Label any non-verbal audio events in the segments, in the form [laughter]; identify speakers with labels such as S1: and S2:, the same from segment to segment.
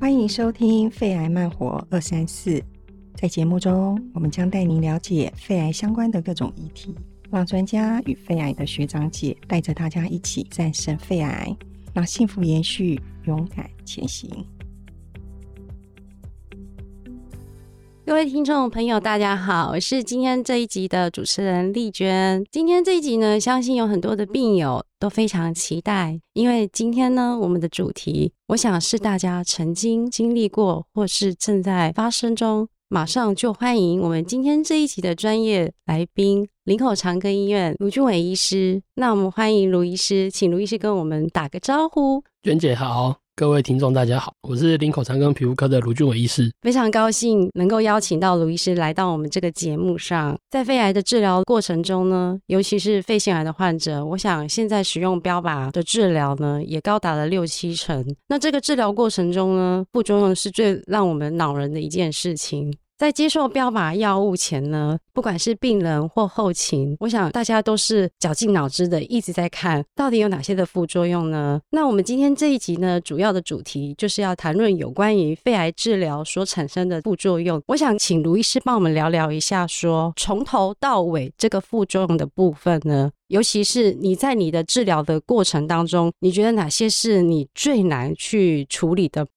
S1: 歡迎收聽《肺癌慢活二三四》。在節目中，我們將帶您了解肺癌相關的各種議題，讓專家與肺癌的學長姐帶着大家一起戰勝肺癌，讓幸福延續，勇敢前行。各位聽眾朋友，大家好，我是今天這一集的主持人麗娟。今天這一集呢，相信有很多的病友，都非常期待，因為今天呢，我們的主題我想是大家曾經經歷過或是正在發生中。馬上就歡迎我們今天這一集的專業來賓——林口長庚醫院盧俊瑋醫師。那我們歡迎盧醫師，請盧醫師跟我們打個招呼。
S2: 娟姐好。各位聽眾，大家好，我是林口長庚皮膚科的盧俊瑋醫師，
S1: 非常高興能夠邀請到盧醫師來到我們這個節目上。在肺癌的治療過程中呢，尤其是肺腺癌的患者，我想現在使用標靶的治療呢，也高達了六七成。那這個治療過程中呢，副作用是最讓我們惱人的一件事情。在接受標靶藥物前呢，不管是病人或後勤，我想大家都是絞盡腦汁的，一直在看到底有哪些的副作用呢？那我們今天這一集呢，主要的主題就是要談論有關於肺癌治療所產生的副作用。我想請盧醫師幫我們聊聊一下說，說從頭到尾這個副作用的部分呢，尤其是你在你的治療的過程當中，你覺得哪些是你最難去處理的？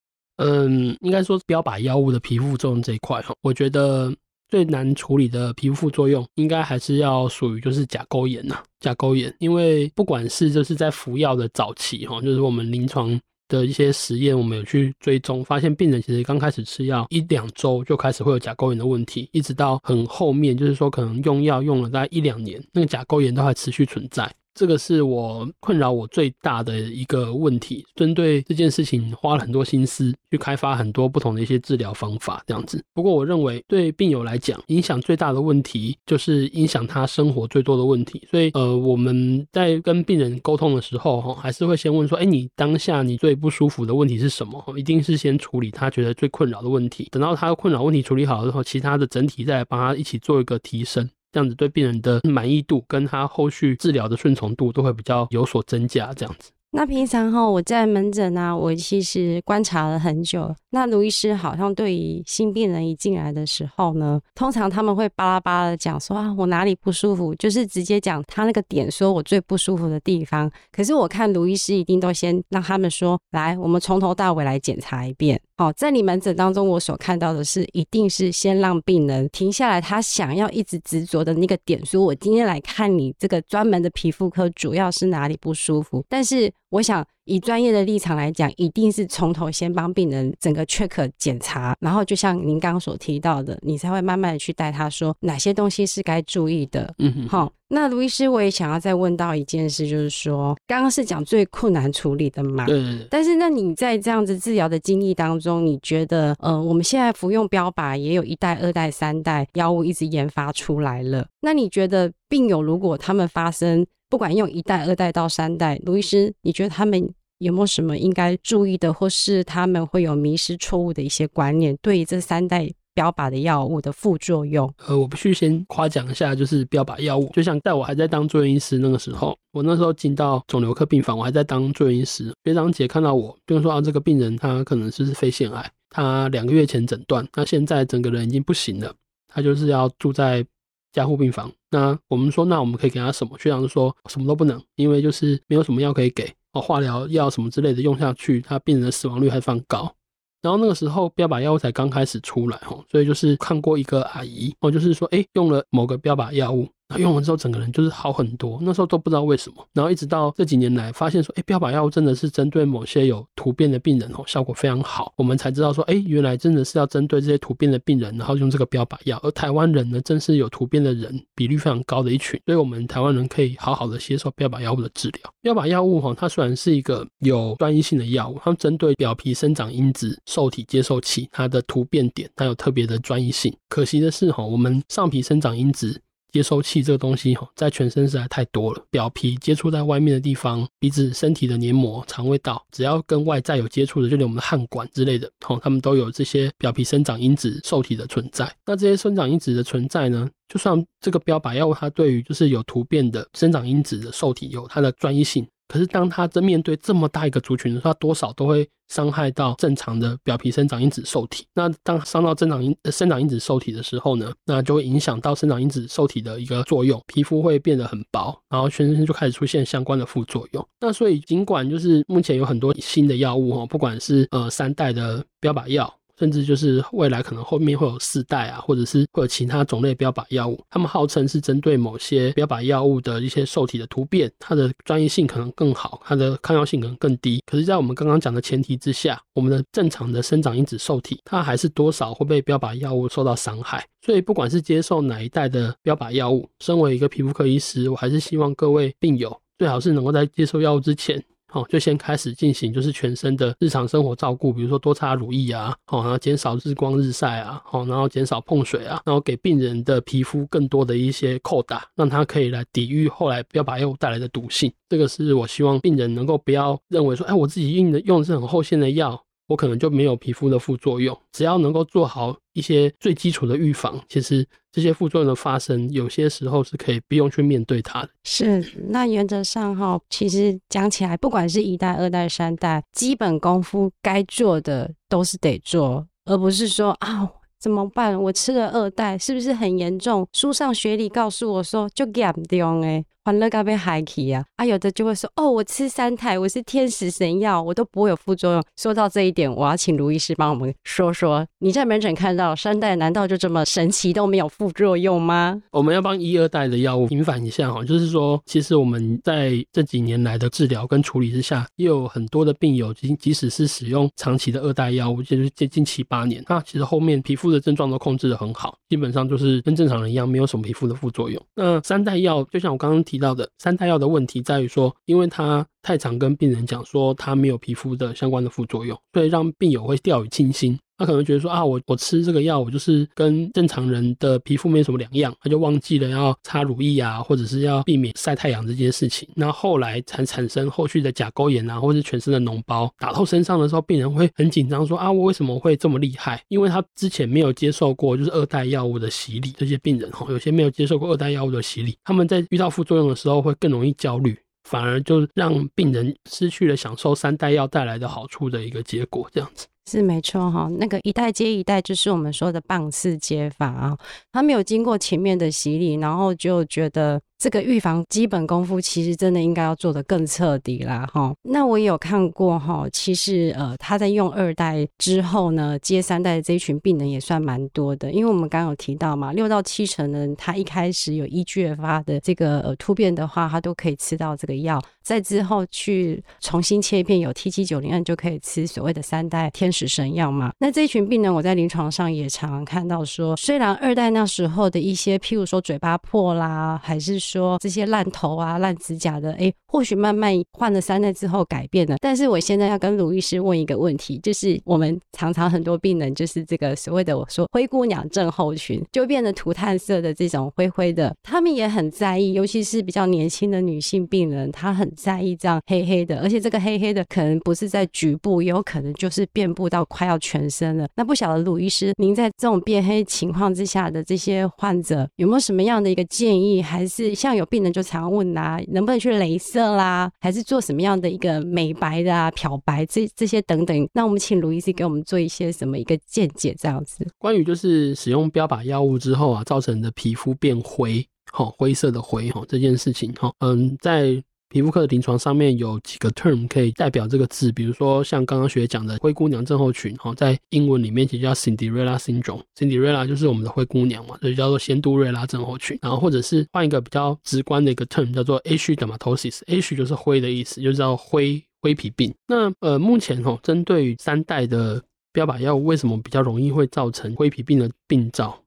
S2: 嗯，應該說標靶藥物的皮膚作用這一塊哈，我覺得最難處理的皮膚副作用，應該還是要屬於就是甲溝炎吶、啊，甲溝炎，因為不管是就是在服藥的早期哈，就是我們臨床的一些實驗，我們有去追蹤，發現病人其實剛開始吃藥一兩周就開始會有甲溝炎的問題，一直到很後面，就是說可能用藥用了大概一兩年，那個甲溝炎都還持續存在。這個是我困擾我最大的一個問題。針對這件事情，花了很多心思去開發很多不同的一些治療方法，這樣子。不過，我認為對病友來講，影響最大的問題就是影響他生活最多的問題。所以，呃，我們在跟病人溝通的時候，哈，還是會先問說：“哎，你當下你最不舒服的問題是什麼？”一定是先處理他覺得最困擾的問題。等到他的困擾問題處理好了之後，其他的整體再來幫他一起做一個提升。這樣子對病人的滿意度跟他後續治療的順從度都會比較有所增加。這樣子，
S1: 那平常哈我在門診啊，我其實觀察了很久。那盧醫師好像對於新病人一進來的時候呢，通常他們會巴拉巴拉的講說啊，我哪裡不舒服，就是直接講他那個點，說我最不舒服的地方。可是我看盧醫師一定都先讓他們說，來，我們從頭到尾來檢查一遍。哦，在你門診當中，我所看到的是，一定是先讓病人停下來，他想要一直執着的那個點。所以，我今天來看你這個專門的皮膚科，主要是哪裡不舒服？但是，我想以專業的立場來講，一定是從頭先幫病人整個 check 檢查，然後就像您剛剛所提到的，你才會慢慢的去帶他說哪些東西是該注意的。嗯哼，好。那盧醫師，我也想要再問到一件事，就是說剛剛是講最困難處理的嘛。嗯。但是那你在這樣子治療的經歷當中，你覺得嗯、呃，我們現在服用標靶也有一代、二代、三代藥物一直研發出來了，那你覺得病友如果他們發生不管用一代、二代到三代，盧醫師，你覺得他們有沒有什麼應該注意的，或是他們會有迷失、錯誤的一些觀念？對於這三代標靶的藥物的副作用，
S2: 呃，我必須先誇獎一下，就是標靶藥物，就像在我還在當住院醫師那個時候，我那時候進到腫瘤科病房，我還在當住院醫師，學長姐看到我，就說啊，這個病人他可能是肺腺癌，他兩個月前診斷，那現在整個人已經不行了，他就是要住在。加護病房，那我們說，那我們可以給他什麼？學長就說什麼都不能，因為就是沒有什麼藥可以給哦，化療藥什麼之類的用下去，他病人的死亡率還蠻高。然後那個時候，標靶藥物才剛開始出來哦，所以就是看過一個阿姨哦，就是說，誒，用了某個標靶藥物。用完之後，整個人就是好很多。那時候都不知道為什麼，然後一直到這幾年來，發現說，哎、欸，標靶藥物真的是針對某些有突變的病人，效果非常好。我們才知道說，哎、欸，原來真的是要針對這些突變的病人，然後用這個標靶藥。而台灣人呢，正是有突變的人比率，非常高的一群，所以我們台灣人可以好好的接受標靶藥物的治療。標靶藥物哈，它雖然是一個有專一性的藥物，它針對表皮生長因子受體接受器，它的突變點，它有特別的專一性。可惜的是哈，我們上皮生長因子。接收器這個東西，吼，在全身實在太多了。表皮接觸在外面的地方，鼻子、身體的黏膜、腸胃道，只要跟外在有接觸的，就連我們的汗管之類的，吼，他們都有這些表皮生長因子受體的存在。那這些生長因子的存在呢，就算這個標靶藥物它對於就是有突變的生長因子的受體有它的專一性。可是當它真面對這麼大一個族群的時候，它多少都會傷害到正常的表皮生長因子受體。那當傷到生長因、呃、生長因子受體的時候呢，那就會影響到生長因子受體的一個作用，皮膚會變得很薄，然後全身就開始出現相關的副作用。那所以儘管就是目前有很多新的藥物哈，不管是呃三代的標靶藥。甚至就是未來可能後面會有四代啊，或者是會有其他種類標靶藥物，他們號稱是針對某些標靶藥物的一些受體的突變，它的專一性可能更好，它的抗藥性可能更低。可是，在我們剛剛講的前提之下，我們的正常的生長因子受體它還是多少會被標靶藥物受到傷害。所以，不管是接受哪一代的標靶藥物，身為一個皮膚科醫師，我還是希望各位病友最好是能夠在接受藥物之前。好、哦，就先開始進行，就是全身的日常生活照顧，比如說多擦乳液啊，好，然後減少日光日曬啊，好，然後減少碰水啊，然後給病人的皮膚更多的一些扣打，讓他可以來抵禦後來標靶藥物帶來的毒性。這個是我希望病人能夠不要認為說，哎，我自己用的用是很後線的藥。我可能就沒有皮膚的副作用，只要能夠做好一些最基礎的預防，其實這些副作用的發生，有些時候是可以不用去面對它的。
S1: 是，那原則上哈，其實講起來，不管是一代、二代、三代，基本功夫該做的都是得做，而不是說啊。怎麼辦？我吃了二代，是不是很嚴重？書上學理告訴我說就嚴重哎，還樂該被海奇啊。啊，有的就會說，哦，我吃三代，我是天使神藥，我都不會有副作用。說到這一點，我要請盧醫師幫我們說說，你在門診看到三代，難道就這麼神奇都沒有副作用嗎？我們要幫一二代的藥物平反
S2: 一下哈，就是說，其實我們在這幾年來的治療跟處理之下，也有很多的病友，即即使是使用長期的二代藥物，就是接近七八年，那、啊、其實後面皮膚。的症狀都控制得很好，基本上就是跟正常人一樣，沒有什麼皮膚的副作用。那三代藥，就像我剛剛提到的，三代藥的問題在於說，因為它太常跟病人講說，它沒有皮膚的相關的副作用，所以讓病友會掉以輕心。他可能覺得說啊，我我吃這個藥，我就是跟正常人的皮膚沒有什麼兩樣，他就忘記了要擦乳液啊，或者是要避免曬太陽這件事情。那後來才產生後續的甲溝炎啊，或是全身的膿包打透身上的時候，病人會很緊張，說啊，我為什麼會這麼厲害？因為他之前沒有接受過就是二代藥物的洗禮。這些病人哈，有些沒有接受過二代藥物的洗禮，他們在遇到副作用的時候會更容易焦慮，反而就讓病人失去了享受三代藥帶來的好處的一個結果，這樣子。
S1: 是沒錯哈，那個一代接一代，就是我們說的棒次接法啊，他沒有經過前面的洗禮，然後就覺得。這個預防基本功夫其實真的應該要做得更徹底啦，哈。那我也有看過哈，其實呃，他在用二代之後呢，接三代的這一群病人也算蠻多的，因為我們剛剛有提到嘛，六到七成人他一開始有 EGFR 的這個、呃、突變的話，他都可以吃到這個藥，再之後去重新切一片有 T790M 就可以吃所謂的三代天使神藥嘛。那這一群病人，我在臨床上也常常看到說，雖然二代那時候的一些，譬如說嘴巴破啦，還是說。說這些爛頭啊、爛指甲的，哎，或許慢慢換了三代之後改變了。但是我現在要跟盧醫師問一個問題，就是我們常常很多病人就是這個所謂的我說灰姑娘症候群，就變得塗炭色的這種灰灰的，他們也很在意，尤其是比較年輕的女性病人，她很在意這樣黑黑的，而且這個黑黑的可能不是在局部，也有可能就是遍布到快要全身了。那不曉得盧醫師，您在這種變黑情況之下的這些患者，有沒有什麼樣的一個建議，還是？像有病人就常問啊，能不能去雷射啦，還是做什麼樣的一個美白的啊、漂白這這些等等？那我們請盧醫師給我們做一些什麼一個見解？這樣子，關於
S2: 就是使用標靶藥物之後啊，造成的皮膚變灰，好、哦、灰色的灰，哈、哦，這件事情，好、哦，嗯，在。皮膚科的臨床上面有幾個 term 可以代表這個字，比如說像剛剛學講的灰姑娘症候群，哈，在英文裡面其實叫 Cinderella syndrome，Cinderella 就是我們的灰姑娘嘛，所以叫做仙度瑞拉症候群。然後或者是換一個比較直觀的一個 term 叫做 ichthyosis，ichthyosis 就是灰的意思，就是叫灰灰皮病。那呃，目前哈、哦，針對於三代的標靶藥物，為什麼比較容易會造成灰皮病的病灶？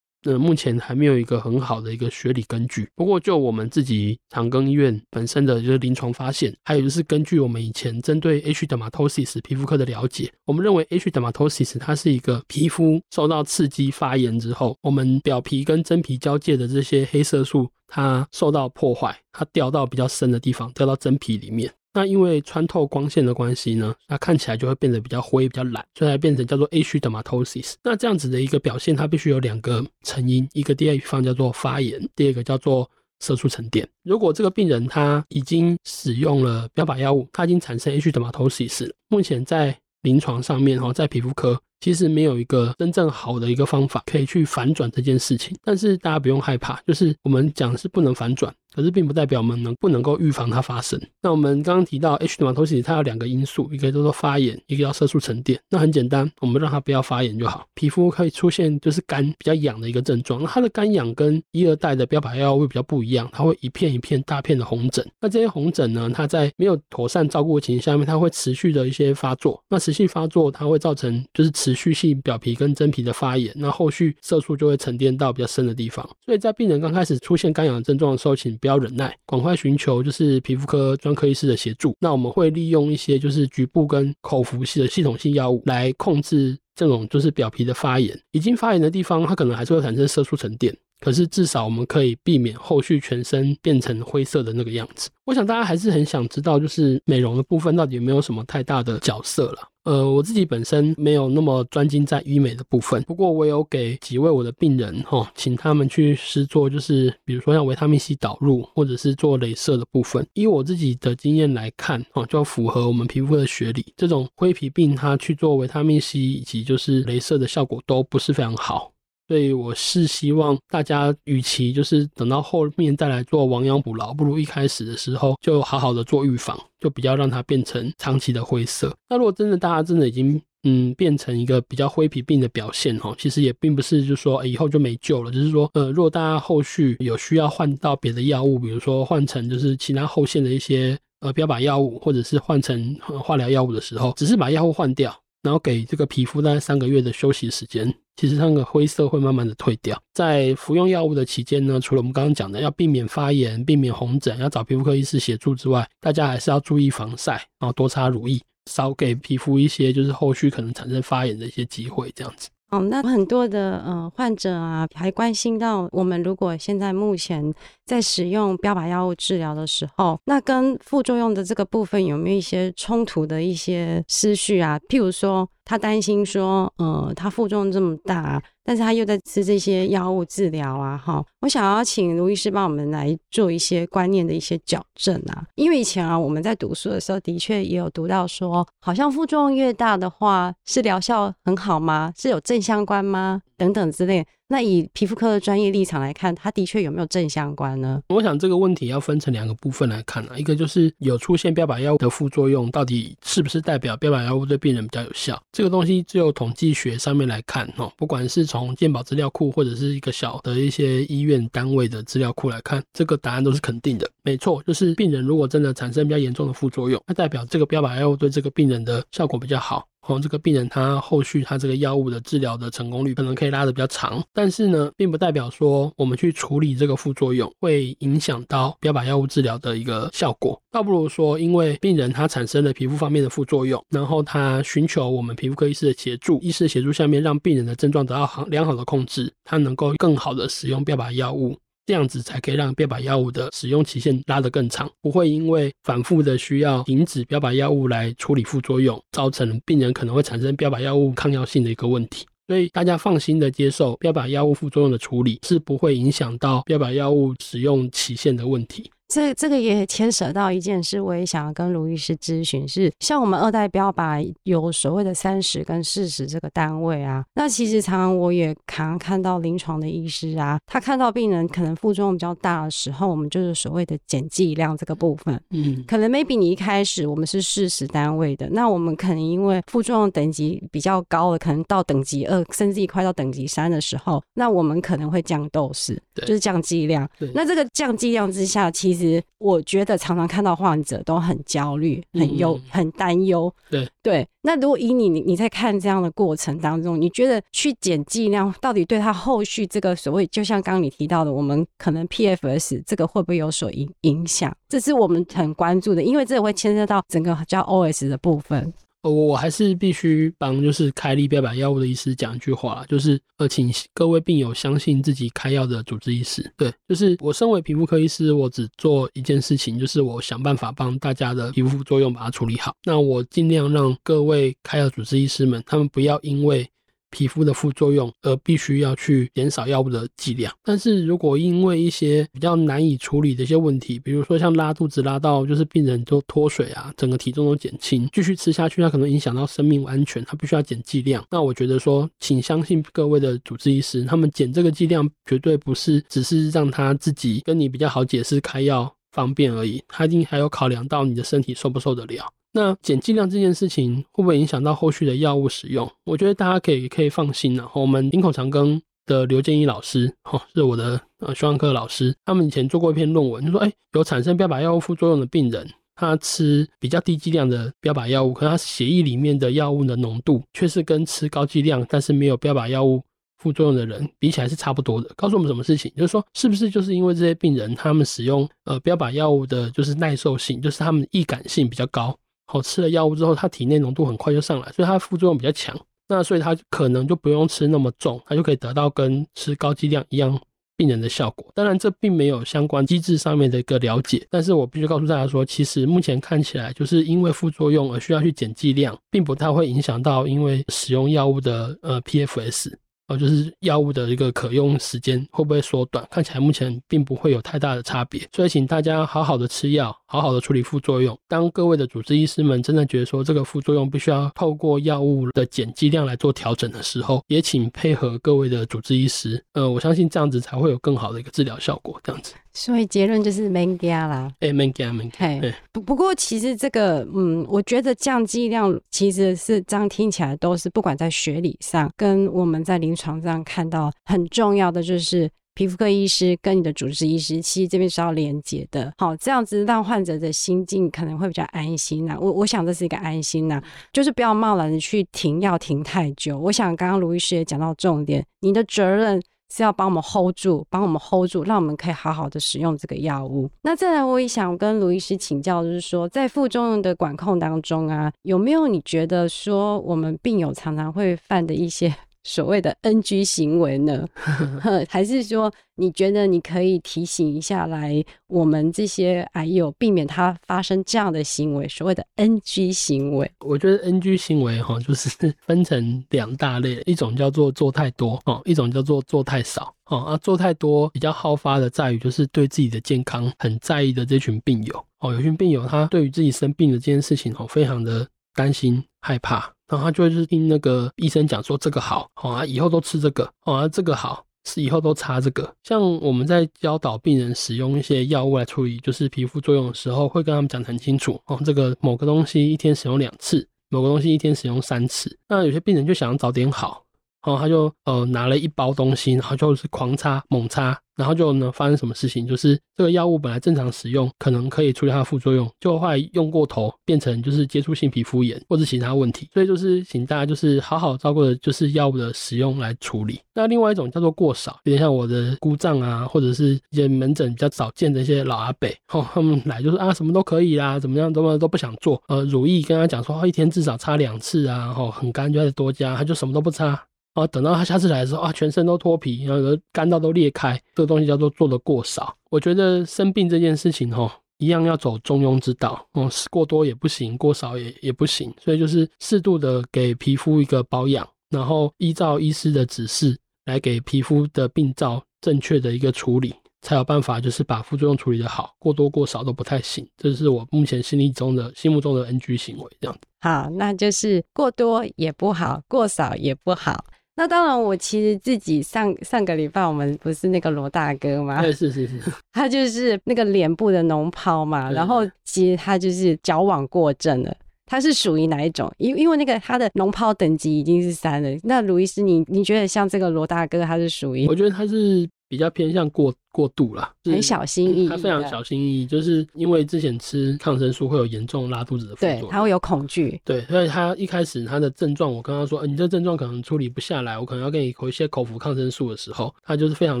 S2: 呃、嗯，目前還沒有一個很好的一個學理根據。不過，就我們自己長庚醫院本身的就是臨床發現，還有就是根據我們以前針對 H. dermatosis 皮膚科的了解，我們認為 H. dermatosis 它是一個皮膚受到刺激發炎之後，我們表皮跟真皮交界的這些黑色素它受到破壞，它掉到比較深的地方，掉到真皮裡面。那因為穿透光線的關係呢，它看起來就會變得比較灰、比較藍，所以它變成叫做 ashy dermatosis。那這樣子的一個表現，它必須有兩個成因：一個地方叫做發炎，第二個叫做色素沉澱。如果這個病人他已經使用了標靶藥物，他已經產生 ashy dermatosis 了。目前在臨床上面哈，在皮膚科其實沒有一個真正好的一個方法可以去反轉這件事情。但是大家不用害怕，就是我們講的是不能反轉。可是並不代表我們能不能夠預防它發生。那我們剛剛提到 H 的馬托西，它有兩個因素，一個叫做發炎，一個叫色素沉澱。那很簡單，我們讓它不要發炎就好。皮膚可以出現就是乾比較癢的一個症狀。那它的乾癢跟一二代的標靶藥物會比較不一樣，它會一片一片大片的紅疹。那這些紅疹呢，它在沒有妥善照顧的情形下面，它會持續的一些發作。那持續發作，它會造成就是持續性表皮跟真皮的發炎。那後續色素就會沉澱到比較深的地方。所以在病人剛開始出現乾癢的症狀的時候，請要忍耐，趕快尋求就是皮膚科專科醫師的協助。那我們會利用一些就是局部跟口服系的系統性藥物來控制這種就是表皮的發炎。已經發炎的地方，它可能還是會產生色素沉澱。可是至少我們可以避免後續全身變成灰色的那個樣子。我想大家還是很想知道，就是美容的部分到底有沒有什麼太大的角色了？呃，我自己本身沒有那麼專精在醫美的部分，不過我有給幾位我的病人哈、哦，請他們去試做，就是比如說像維他命 C 導入或者是做鐳射的部分。以我自己的經驗來看，哦，就要符合我們皮膚的學理，這種灰皮病它去做維他命 C 以及就是鐳射的效果都不是非常好。所以我是希望大家，與其就是等到後面再來做亡羊補牢，不如一開始的時候就好好的做預防，就不要讓它變成長期的灰色。那如果真的大家真的已經嗯變成一個比較灰皮病的表現哦，其實也並不是就是說、欸、以後就沒救了，只，就是說呃，若大家後續有需要換到別的藥物，比如說換成就是其他後線的一些呃標靶藥物，或者是換成、呃、化療藥物的時候，只是把藥物換掉。然後給這個皮膚大概三個月的休息時間，其實它那個灰色會慢慢的退掉。在服用藥物的期間呢，除了我們剛剛講的要避免發炎、避免紅疹，要找皮膚科醫師協助之外，大家還是要注意防曬，然後多擦乳液，少給皮膚一些就是後續可能產生發炎的一些機會，這樣子。
S1: 哦，那很多的呃患者啊，還關心到我們如果現在目前在使用標靶藥物治療的時候，那跟副作用的這個部分有沒有一些衝突的一些思緒啊？譬如說，他擔心說，呃，他副作用這麼大。但是他又在吃這些藥物治療啊，哈、哦，我想要請盧醫師幫我們來做一些觀念的一些矯正啊，因為以前啊我們在讀書的時候，的確也有讀到說，好像副作用越大的話，是療效很好嗎？是有正相關嗎？等等之類。那以皮膚科的專業立場來看，它的確有沒有正相關呢？我想這個問題
S2: 要分成兩個部分來看啊，一個就是有出現標靶藥物的副作用，到底是不是代表標靶藥物對病人比較有效？這個東西只有統計學上面來看哦，不管是從從健保資料庫或者是一個小的一些醫院單位的資料庫來看，這個答案都是肯定的，沒錯，就是病人如果真的產生比較嚴重的副作用，那代表這個標靶藥對這個病人的效果比較好。哦，這個病人他後續他這個藥物的治療的成功率可能可以拉得比較長，但是呢，並不代表說我們去處理這個副作用會影響到標靶藥物治療的一個效果，倒不如說因為病人他產生了皮膚方面的副作用，然後他尋求我們皮膚科醫師的協助，醫師協助下面讓病人的症狀得到好良好的控制，他能夠更好的使用標靶藥物。這樣子才可以讓標靶藥物的使用期限拉得更長，不會因為反覆的需要停止標靶藥物來處理副作用，造成病人可能會產生標靶藥物抗藥性的一個問題。所以大家放心的接受標靶藥物副作用的處理，是不會影響到標靶藥物使用期限的問題。
S1: 這這個也牽涉到一件事，我也想要跟盧醫師諮詢，是像我們二代標靶，有所謂的三十跟四十這個單位啊。那其實常常我也常常看到臨床的醫師啊，他看到病人可能副作用比較大的時候，我們就是所謂的減劑量這個部分。嗯，可能 maybe 你一開始我們是四十單位的，那我們可能因為副作用等級比較高了，可能到等級二甚至於快到等級三的時候，那我們可能會降 dose 就是降劑量，對對，那這個降劑量之下，其實我覺得常常看到患者都很焦慮、很憂、嗯、很擔憂。對，對，那如果以你你你在看這樣的過程當中，你覺得去減劑量到底對他後續這個所謂，就像剛剛你提到的，我們可能 PFS 這個會不會有所影影響？這是我們很關注的，因為這個會牽涉到整個叫 OS 的部分。
S2: 我我還是必須幫，就是開立標靶藥物的醫師講一句話，就是呃，請各位病友相信自己開藥的主治醫師。對，就是我身為皮膚科醫師，我只做一件事情，就是我想辦法幫大家的皮膚副作用把它處理好。那我儘量讓各位開藥主治醫師們，他們不要因為。皮膚的副作用，而必須要去減少藥物的劑量。但是如果因為一些比較難以處理的一些問題，比如說像拉肚子拉到，就是病人就脫水啊，整個體重都減輕，繼續吃下去它，可能影響到生命安全，它必須要減劑量。那我覺得說，請相信各位的主治醫師，他們減這個劑量絕對不是只是讓他自己跟你比較好解釋開藥方便而已，他一定還有考量到你的身體受不受得了。那減劑量這件事情會不會影響到後續的藥物使用？我覺得大家可以可以放心了。我們林口長庚的劉建一老師，哈、哦，是我的呃胸外科老師，他們以前做過一篇論文，就說，哎，有產生標靶藥物副作用的病人，他吃比較低劑量的標靶藥物，可能他血液裡面的藥物的濃度，卻是跟吃高劑量但是沒有標靶藥物副作用的人比起來是差不多的。告訴我們什麼事情？就是說，是不是就是因為這些病人他們使用呃標靶藥物的，就是耐受性，就是他們易感性比較高？好，吃了藥物之後，它體內濃度很快就上來，所以它副作用比較強。那所以它可能就不用吃那麼重，它就可以得到跟吃高劑量一樣病人的效果。當然，這並沒有相關機制上面的一個了解。但是我必須告訴大家說，其實目前看起來，就是因為副作用而需要去減劑量，並不太會影響到因為使用藥物的呃 PFS，呃就是藥物的一個可用時間會不會縮短？看起來目前並不會有太大的差別。所以請大家好好的吃藥。好好的處理副作用。當各位的主治醫師們真的覺得說這個副作用必須要透過藥物的減劑量來做調整的時候，也請配合各位的主治醫師。呃，我相信這樣子才會有更好的一個治療效果。這樣子，
S1: 所以結論就是 Mengia 啦。
S2: 哎，Mengia，Mengia。哎，
S1: 不不過其實這個，嗯，我覺得降劑量其實是這樣聽起來都是不管在學理上跟我們在臨床上看到很重要的就是。皮膚科醫師跟你的主治醫師，其實這邊是要連結的，好，這樣子讓患者的心境可能會比較安心吶、啊。我我想這是一個安心吶、啊，就是不要貿然的去停藥停太久。我想剛剛盧醫師也講到重點，你的責任是要幫我們 hold 住，幫我們 hold 住，讓我們可以好好的使用這個藥物。那再來，我也想跟盧醫師請教，就是說在副作用的管控當中啊，有沒有你覺得說我們病友常常會犯的一些？所謂的 NG 行為呢， [laughs] 還是說你覺得你可以提醒一下來我們這些癌友，避免他發生這樣的行為？所謂的 NG 行為，我覺得
S2: NG 行為哈、哦，就是分成兩大類，一種叫做做太多哦，一種叫做做太少哦。啊，做太多比較好發的在於就是對自己的健康很在意的這群病友哦，有些病友他對於自己生病的這件事情哦，非常的擔心害怕。然後他就會去聽那個醫生講說，這個好好啊，以後都吃這個啊，這個好是以後都擦這個。像我們在教導病人使用一些藥物來處理就是皮膚作用的時候，會跟他們講得很清楚哦，這個某個東西一天使用兩次，某個東西一天使用三次。那有些病人就想要早點好。然後、哦、他就呃拿了一包東西，然後就是狂擦猛擦，然後就呢發生什麼事情，就是這個藥物本來正常使用可能可以處理它的副作用，就後來用過頭變成就是接觸性皮膚炎或者其他問題，所以就是請大家就是好好照顧的就是藥物的使用來處理。那另外一種叫做過少，有點像我的姑丈啊，或者是一些門診比較少見的一些老阿伯，吼、哦、他們來就是啊什麼都可以啦，怎麼樣怎麼都不想做，呃，乳液跟他講說一天至少擦兩次啊，吼、哦、很乾就開始多加，他就什麼都不擦。然、啊、等到他下次來的時候啊，全身都脫皮，然後乾燥都裂開，這個東西叫做做的過少。我覺得生病這件事情吼、哦，一樣要走中庸之道，嗯，過多也不行，過少也也不行，所以就是適度的給皮膚一個保養，然後依照醫師的指示來給皮膚的病灶正確的一個處理，才有辦法就是把副作用處理得好。過多過少都不太行，這是我目前心裡中的心目中的 NG 行為這樣
S1: 子。好，那就是過多也不好，過少也不好。那當然，我其實自己上上個禮拜，我們不是那個羅大哥嗎？對，是是是。他就是那個臉部的膿疱嘛，對然後其實他就是矯枉過正了。他是屬於哪一種？因因為那個他的膿疱等級已經是三了。那盧醫師，你你覺得像這個羅大哥，他是屬於？我覺得他
S2: 是。比較偏向過過度啦，很小
S1: 心翼翼。嗯。他非常小
S2: 心翼翼，就是因為之前吃抗生素會有嚴重拉肚子的副作用，對，他會有恐懼。對，所以他一開始他的症狀，我跟他說：“你這症狀可能處理不下來，我可能要給你口一些口服抗生素的時候，他就是非常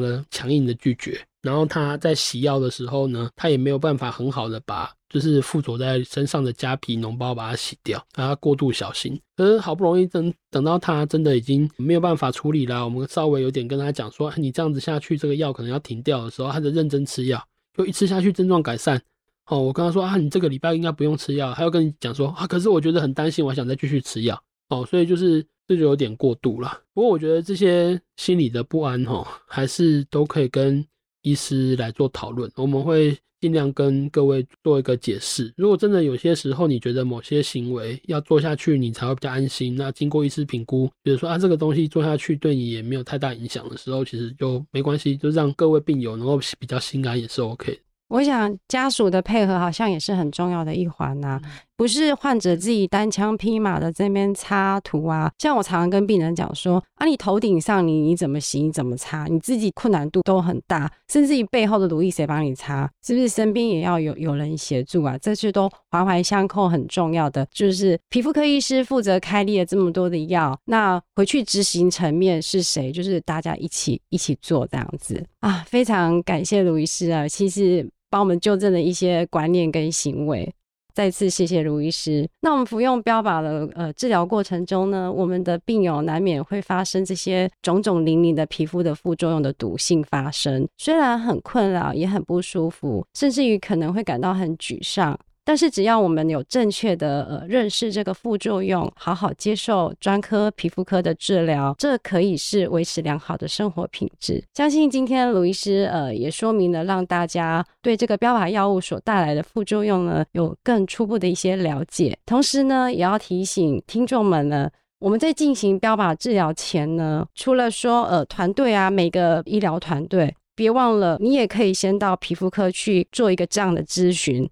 S2: 的強硬的拒絕。然後他在洗藥的時候呢，他也沒有辦法很好的把。”就是附着在身上的痂皮膿包，把它洗掉。讓它過度小心，可是好不容易等等到它真的已經沒有辦法處理了，我們稍微有點跟他講說、哎，你這樣子下去，這個藥可能要停掉的時候，他得認真吃藥。就一吃下去，症狀改善。哦，我跟他說啊，你這個禮拜應該不用吃藥。還要跟你講說啊，可是我覺得很擔心，我還想再繼續吃藥。哦，所以就是這就有點過度了。不過我覺得這些心理的不安吼、哦，還是都可以跟。醫師來做討論，我們會盡量跟各位做一個解釋。如果真的有些時候你覺得某些行為要做下去，你才會比較安心，那經過醫師評估，比如說啊，這個東西做下去對你也沒有太大影響的時候，其實就沒關係，就讓各位病友能夠比較心安也是 OK。
S1: 我想家屬的配合好像也是很重要的一環吶，不是患者自己單槍匹馬的這邊擦塗啊。像我常常跟病人講說啊，你頭頂上你你怎麼洗，怎麼擦，你自己困難度都很大，甚至你背後的乳液誰幫你擦，是不是身邊也要有有人協助啊？這些都環環相扣，很重要的就是皮膚科醫師負責開立了這麼多的藥，那回去執行層面是誰？就是大家一起一起做這樣子啊。非常感謝盧醫師啊，其實。幫我們糾正了一些觀念跟行為，再次謝謝盧醫師。那我們服用標靶的呃治療過程中呢，我們的病友難免會發生這些種種淋漓的皮膚的副作用的毒性發生，雖然很困擾，也很不舒服，甚至於可能會感到很沮喪。但是只要我們有正確的呃認識這個副作用，好好接受專科皮膚科的治療，這可以是維持良好的生活品質。相信今天盧醫師呃也說明了，讓大家對這個標靶藥物所帶來的副作用呢，有更初步的一些了解。同時呢，也要提醒聽眾們呢，我們在進行標靶治療前呢，除了說呃團隊啊每個醫療團隊，別忘了你也可以先到皮膚科去做一個這樣的諮詢。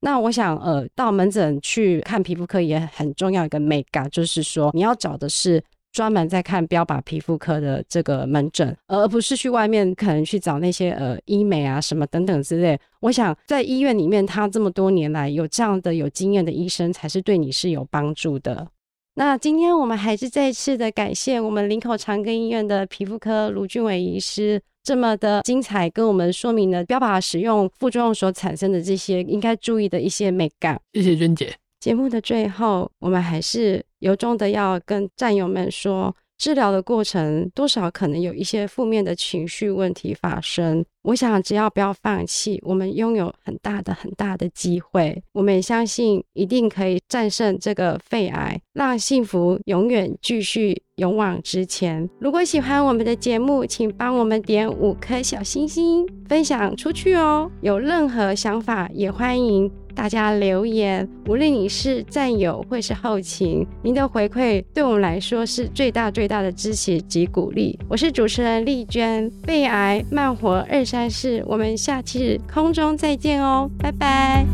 S1: 那我想，呃，到門診去看皮膚科也很重要。一個美感就是說，你要找的是專門在看標靶皮膚科的這個門診，而不是去外面可能去找那些呃醫美啊什麼等等之類。我想在醫院裡面，他這麼多年來有這樣的有經驗的醫生，才是對你是有幫助的。那今天我們還是再次的感謝我們林口長庚醫院的皮膚科盧俊瑋醫師。這麼的精彩，跟我們說明了標靶使用副作用所產生的這些應該注意的一些美感。謝謝娟姐。節目的最後，我們還是由衷的要跟戰友們說，治療的過程多少可能有一些負面的情緒問題發生。我想，只要不要放棄，我們擁有很大的很大的機會，我們相信一定可以戰勝這個肺癌，讓幸福永遠繼續。勇往直前！如果喜歡我們的節目，請幫我們點五顆小星星，分享出去哦。有任何想法，也歡迎大家留言。無論你是戰友或是後勤，您的回饋對我們來說是最大最大的支持及鼓勵。我是主持人麗娟，肺癌慢活二三事，我們下期空中再見哦，拜拜。